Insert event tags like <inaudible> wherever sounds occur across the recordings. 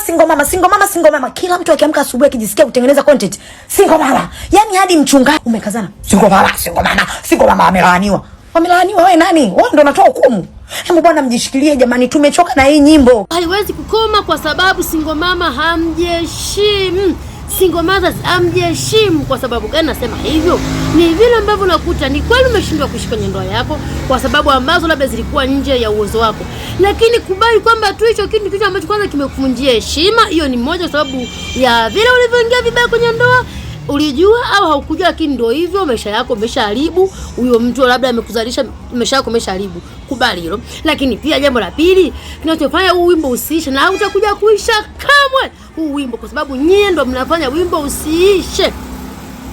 single mama, single mama, single mama, single mama. Kila mtu akiamka asubuhi akijisikia kutengeneza content single mama, yani hadi mchungaji umekazana single mama, single mama, single mama amelaaniwa. Wamelaaniwa wewe nani? Wewe ndo unatoa hukumu. Hebu bwana, mjishikilie jamani, tumechoka na hii nyimbo haiwezi kukoma kwa sababu single mama hamjeshi hmm single mothers amjiheshimu. Kwa sababu gani nasema hivyo? Ni vile ambavyo unakuta ni kweli umeshindwa kuishi kwenye ndoa yako kwa sababu ambazo labda zilikuwa nje ya uwezo wako, lakini kubali kwamba tu hicho kitu kitu ambacho kwanza kimekuvunjia heshima. Hiyo ni moja sababu ya vile ulivyoingia vibaya kwenye ndoa ulijua au haukujua, lakini ndio hivyo, maisha yako umeshaharibu. Huyo mtu labda amekuzalisha, maisha yako umeshaharibu, kubali hilo. Lakini pia jambo la pili kinachofanya huu wimbo usiishe na utakuja kuisha kamwe huu wimbo, kwa sababu nyie ndio mnafanya wimbo usiishe.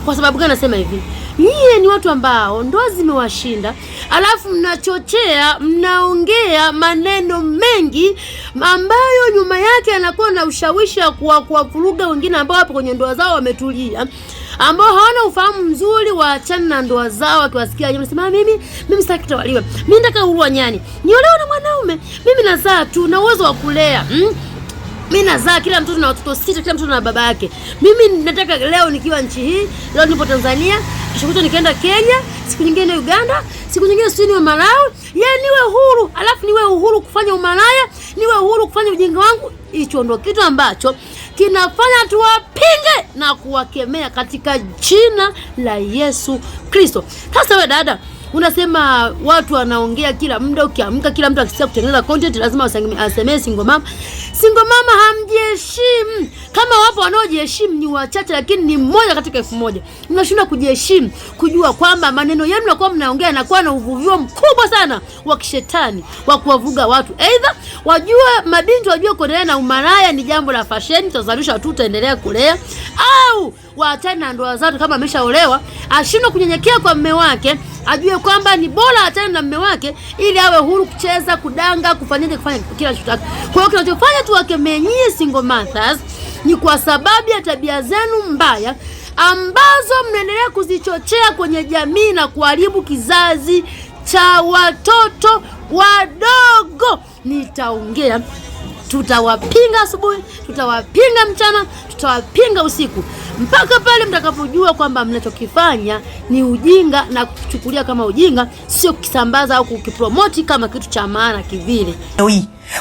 Kwa sababu gani nasema hivi? Nyie ni watu ambao ndoa zimewashinda, alafu mnachochea, mnaongea maneno mengi ambayo nyuma yake anakuwa na ushawishi wa kuwa kuwavuruga wengine ambao wapo kwenye ndoa zao wametulia ambao hawana ufahamu mzuri, wa chana na ndoa zao. Akiwasikia wenyewe nasema ah, mimi mimi sitaki kutawaliwa, mimi nataka urua nyani, niolewe na mwanaume, mimi nazaa tu na uwezo wa kulea mm? Mimi nazaa kila mtoto na watoto sita, kila mtoto na baba yake. Mimi nataka leo nikiwa nchi hii, leo nipo Tanzania shukuto nikaenda Kenya, siku nyingine Uganda, siku nyingine sijui niwe Malawi. Yaani niwe huru, alafu niwe uhuru kufanya umalaya, niwe uhuru kufanya ujinga wangu. Hicho ndo kitu ambacho kinafanya tuwapinge na kuwakemea katika jina la Yesu Kristo. Sasa we dada unasema watu wanaongea kila muda, ukiamka kila mtu akisikia kutengeneza content lazima asemee single mama. Single mama hamjiheshimu. Kama wapo wanaojiheshimu ni wachache, lakini ni mmoja katika elfu moja. Mnashindwa kujiheshimu, kujua kwamba maneno yenu nakuwa mnaongea yanakuwa na uvuvio mkubwa sana wa kishetani wa kuwavuga watu, aidha wajue mabinti wajue kuendelea na umaraya ni jambo la fasheni, tutazalisha watu, tutaendelea kulea au waachane na ndoa zake kama ameshaolewa, ashindwe kunyenyekea kwa mme wake, ajue kwamba ni bora achane na mme wake ili awe huru kucheza, kudanga, kufanyaje, kufanya kila kitu chake. Kwa hiyo kinachofanya tuwakemee nyinyi single mothers ni kwa sababu ya tabia zenu mbaya ambazo mnaendelea kuzichochea kwenye jamii na kuharibu kizazi cha watoto wadogo. Nitaongea, tutawapinga asubuhi, tutawapinga mchana, tutawapinga usiku mpaka pale mtakapojua kwamba mnachokifanya ni ujinga na kuchukulia kama ujinga, sio kukisambaza au kukipromoti kama kitu cha maana kivile.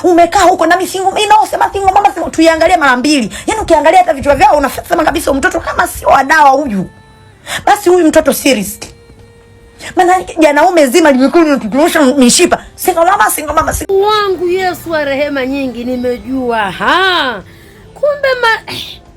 Umekaa huko na misingo mimi nao sema singo mama singo, tuiangalie mara mbili. Yaani ukiangalia hata vichwa vyao unasema kabisa mtoto kama sio wadawa huyu, basi huyu mtoto serious maana janaume zima limekuwa linatukumusha mishipa singo mama singo mama singo wangu Yesu wa rehema nyingi, nimejua ha kumbe ma <sniffs>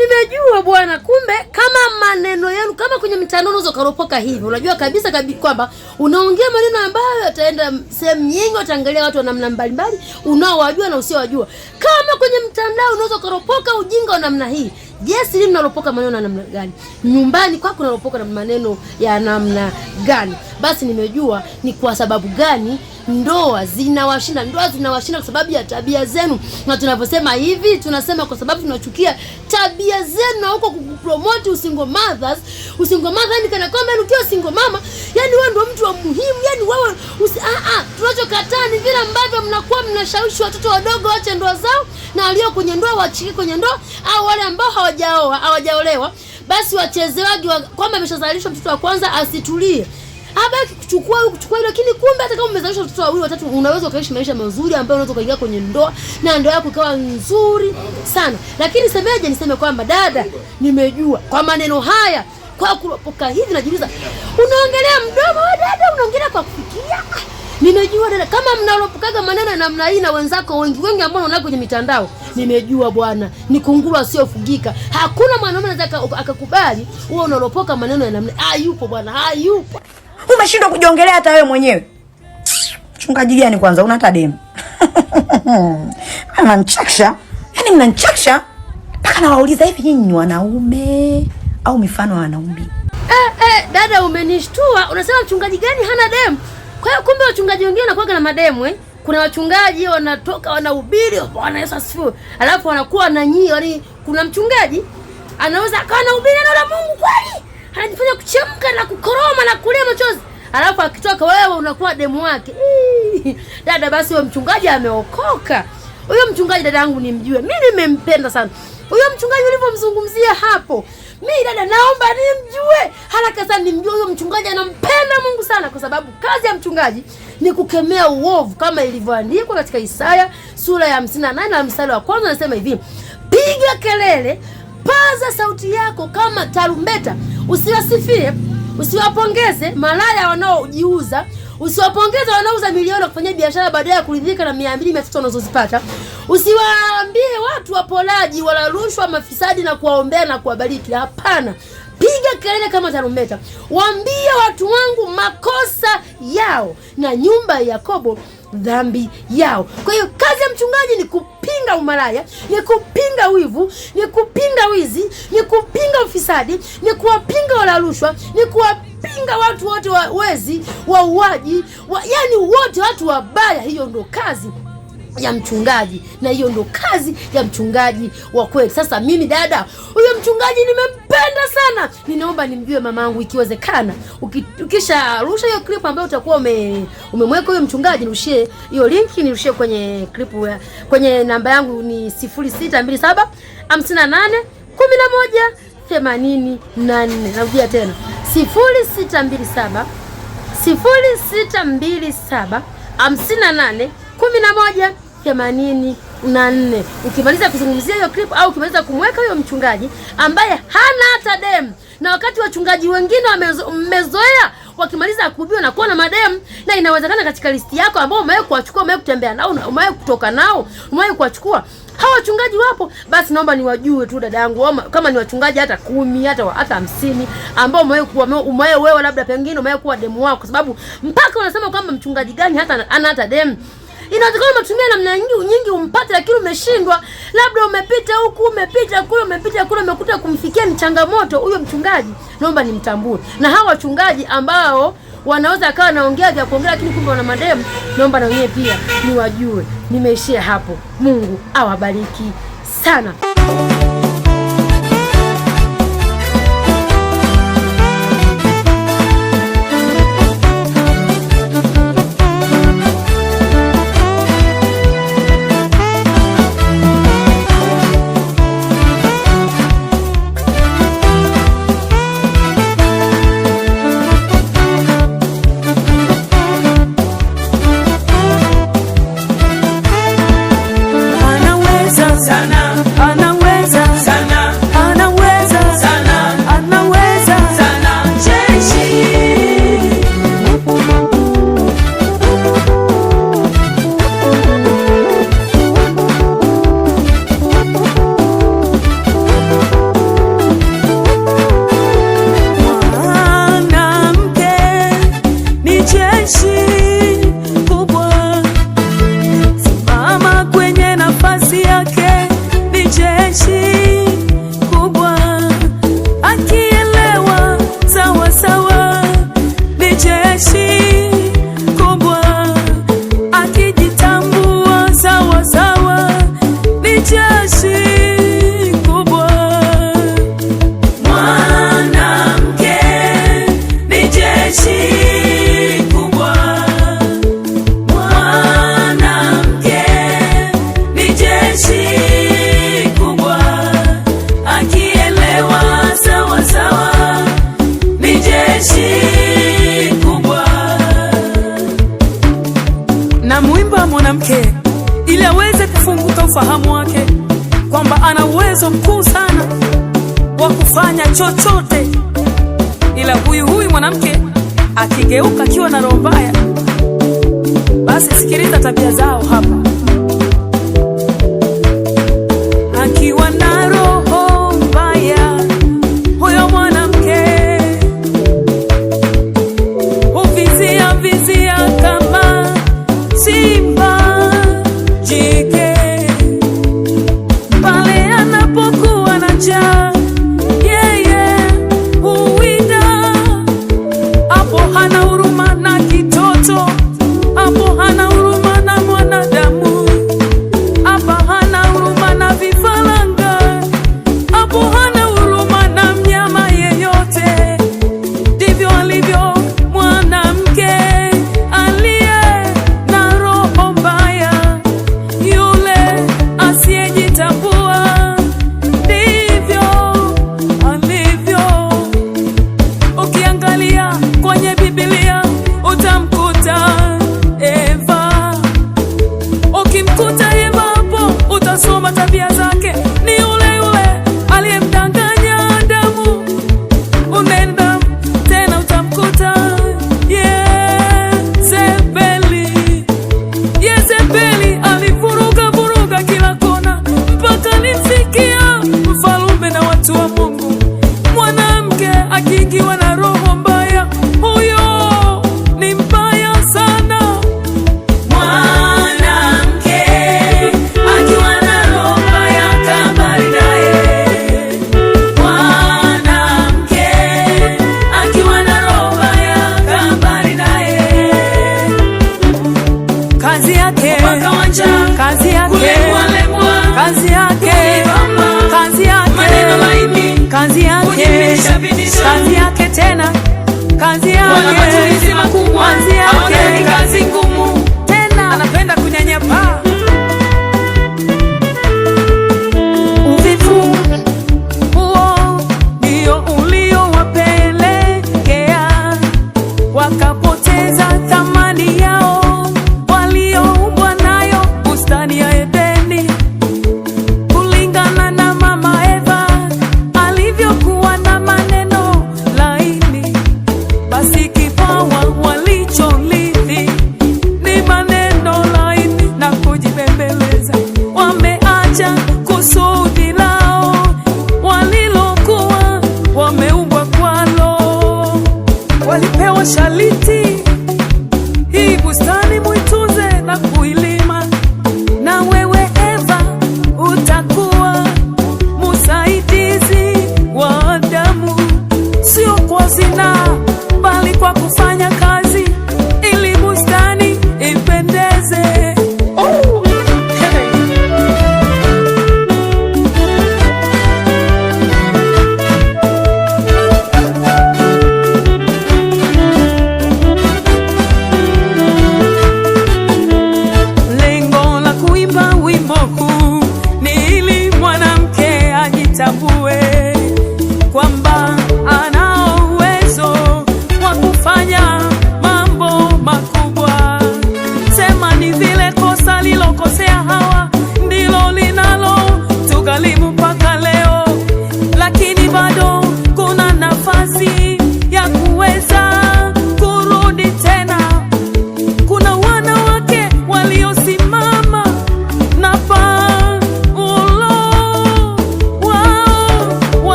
Nimejua bwana, kumbe kama maneno yenu kama kwenye mitandao unaweza karopoka hivi, unajua kabisa kabisa kwamba unaongea maneno ambayo yataenda sehemu nyingi, wataangalia watu wa namna mbalimbali, unaowajua na usiowajua. Kama kwenye mtandao unaweza karopoka ujinga wa namna hii Yes, lini mnalopoka maneno ya namna gani? Nyumbani kwako unalopoka na maneno ya namna gani? Basi nimejua ni kwa sababu gani ndoa zinawashinda. Ndoa zinawashinda kwa sababu ya tabia zenu, na tunavyosema hivi tunasema kwa sababu tunachukia tabia zenu na huko kupromote usingle mothers. Usingle mother ni kana kwamba ukiwa single mama, yani wewe ndio mtu wa muhimu, yani wewe usi, a ah, a, ah, tunachokataa ni vile ambavyo mnakuwa mnashawishi watoto wadogo wache ndoa zao na walio kwenye ndoa wachiki kwenye ndoa au wale ambao hawajaoa hawajaolewa, basi wachezewaji wa, kwamba ameshazalishwa mtoto wa kwanza asitulie abaki kuchukua kuchukua, lakini kumbe hata kama umezalishwa watoto wawili watatu, unaweza ukaishi maisha mazuri ambayo unaweza ukaingia kwenye ndoa na ndoa yako ikawa nzuri sana. Lakini semeje, niseme kwamba dada, nimejua kwa maneno haya, kwa kuropoka hivi, najiuliza unaongelea mdomo wa dada, unaongelea kwa kufikia Nimejua dada, kama mnalopukaga maneno namna hii na wenzako wengi wengi ambao unaona kwenye mitandao, nimejua bwana, ni kunguru asiyofugika. Hakuna mwanaume anaweza akakubali wewe unalopoka maneno ya namna ah, yupo bwana, ah, yupo. Umeshindwa kujiongelea hata wewe mwenyewe. Mchungaji gani kwanza, una hata demu? Mnanichakisha, yaani mnanichakisha Paka nawauliza hivi, nyinyi ni wanaume au mifano ya wanaume? Eh, eh, dada umenishtua, unasema mchungaji gani hana demu? Kwa hiyo kumbe wachungaji wengine wanakuwa na mademu eh? Kuna wachungaji wanatoka wanahubiri Bwana Yesu asifiwe, alafu wanakuwa na nyii, yaani kuna mchungaji anaweza akawa anahubiri neno la Mungu kweli, anajifanya kuchemka na kukoroma na kulia machozi, alafu akitoka wewe unakuwa demu wake. Dada, basi huyo mchungaji ameokoka. Huyo mchungaji dada yangu nimjue, mimi nimempenda sana huyo mchungaji ulivyomzungumzia hapo. Mi dada, naomba nimjue haraka sana, nimjue huyo mchungaji. Anampenda Mungu sana, kwa sababu kazi ya mchungaji ni kukemea uovu kama ilivyoandikwa katika Isaya sura ya 58 na mstari wa kwanza, anasema hivi: piga kelele, paza sauti yako kama tarumbeta, usiwasifie usiwapongeze malaya wanaojiuza Usiwapongeze wanaouza milioni kufanya biashara baadaye ya kuridhika na mia mbili mia tatu wanazozipata. Usiwaambie watu wapolaji, wala rushwa, mafisadi na kuwaombea na kuwabariki. Hapana. Piga kelele kama tarumbeta, waambie watu wangu makosa yao na nyumba ya Yakobo dhambi yao. Kwa hiyo kazi ya mchungaji ni kupinga umalaya, ni kupinga wivu, ni kupinga wizi, ni kupinga ufisadi, ni kuwapinga wala rushwa, ni kuwapinga wanapinga watu wote, wawezi, wauaji wa, yani wote watu wabaya. Hiyo ndo kazi ya mchungaji na hiyo ndo kazi ya mchungaji wa kweli. Sasa mimi dada, huyo mchungaji nimempenda sana, ninaomba nimjue mamangu, ikiwezekana. Ukisha rusha hiyo clip ambayo utakuwa ume, umemweka huyo mchungaji, nirushie hiyo linki, nirushie kwenye clip kwenye namba yangu ni 0627 58 11 84. Narudia tena 0627 0627 58 themanini na nne. Ukimaliza kuzungumzia hiyo clip au ukimaliza kumweka huyo mchungaji ambaye hana hata demu, na wakati wachungaji wengine wamezoea wakimaliza kuhubiwa na kuwa na mademu, na inawezekana katika listi yako ambao umewahi kuwachukua, umewahi kutembea nao, umewahi kutoka nao, umewahi kuwachukua hawa wachungaji wapo, basi naomba niwajue tu dada yangu, kama ni wachungaji hata kumi hata hata hamsini ambao umewahi wewe, labda pengine umewahi kuwa demu wako, kwa sababu mpaka unasema kwamba mchungaji gani hata ana hata demu inawezekana umetumia namna nyingi umpate, lakini umeshindwa. Labda umepita huku umepita kule umepita kule, umekuta kumfikia ni changamoto. Huyo mchungaji naomba nimtambue, na hawa wachungaji ambao wanaweza akawa wanaongea vya kuongea, lakini kumbe wana mademu. Naomba na wenyewe pia niwajue. Nimeishia hapo. Mungu awabariki sana. uwezo mkuu sana wa kufanya chochote, ila huyu huyu mwanamke akigeuka akiwa na roho mbaya, basi sikiliza tabia zao hapa akiwa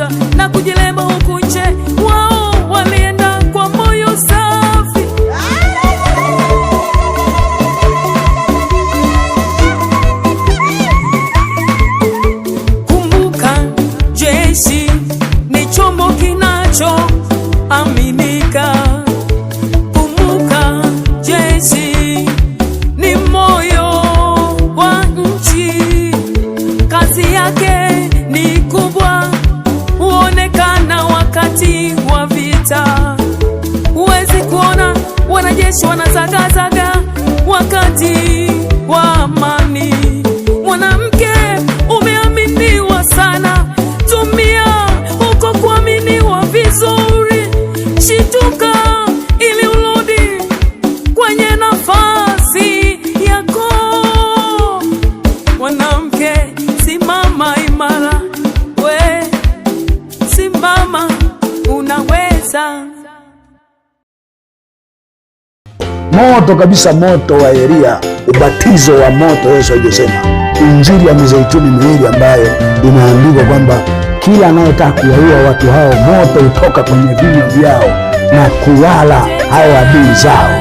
Georgia. moto kabisa moto wa Elia, ubatizo wa moto. Yesu alivyosema Injili ya mizeituni miwili ambayo inaandikwa kwamba kila anayetaka kuwaua watu hao moto utoka kwenye vinywa vyao na kuwala hao adui zao.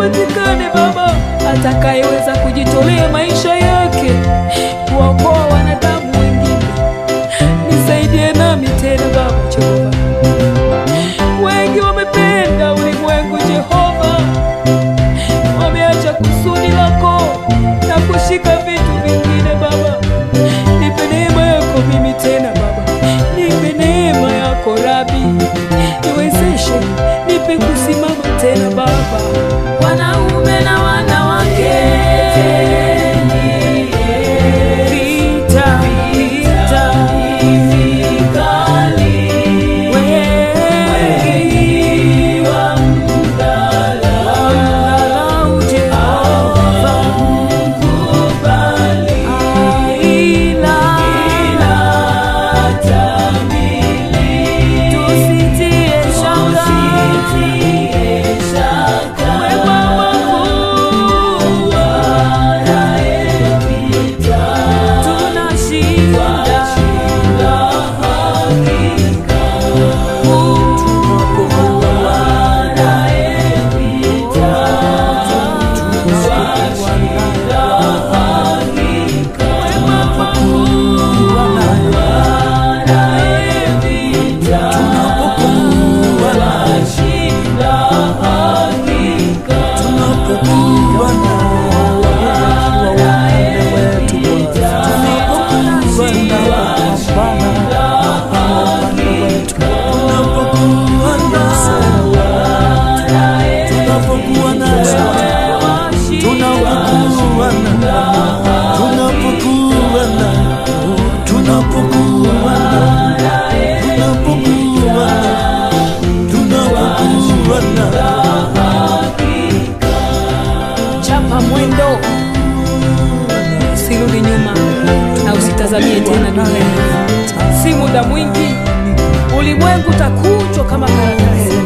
apatikane baba atakayeweza kujitolea maisha yake kuokoa nitazamie tena dunia. Si muda mwingi, ulimwengu utakunjwa kama karatasi.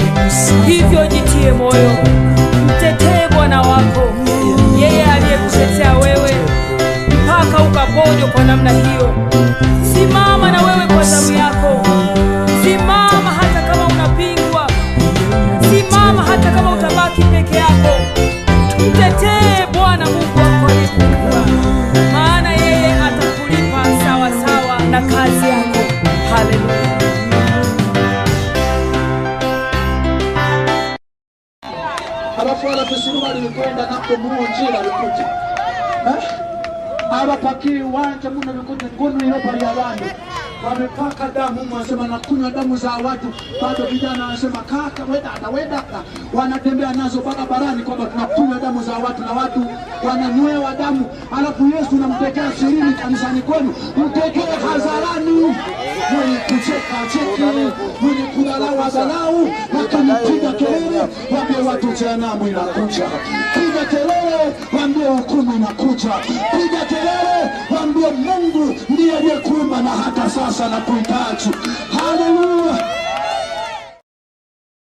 Hivyo jitie moyo, mtetee Bwana wako, yeye aliyekutetea wewe mpaka ukaponywa kwa namna hiyo. Simama na wewe kwa damu yako, simama hata kama unapingwa, simama hata kama utabaki peke yako. kwenda nako munjira aba abapakiri wanje muno bikuja ngunu iropali abantu wamepaka damu, wanasema kunywa damu za watu. Bado vijana wanasema kaka, weda dada, weda dada, wanatembea nazo barabarani kwamba tunakunywa damu za watu na watu wananywewa damu, alafu Yesu namtekea sirini kanisani kwenu, mtekee hadharani. Mwenye kucheka acheke, mwenye kudharau adharau, lakini piga kelele, wambie watu jehanamu inakuja. Piga kelele, waambie hukumu inakuja. Piga kelele, waambie Mungu ndiye aliyekuumba na hata sasa na kuhitaji. Haleluya!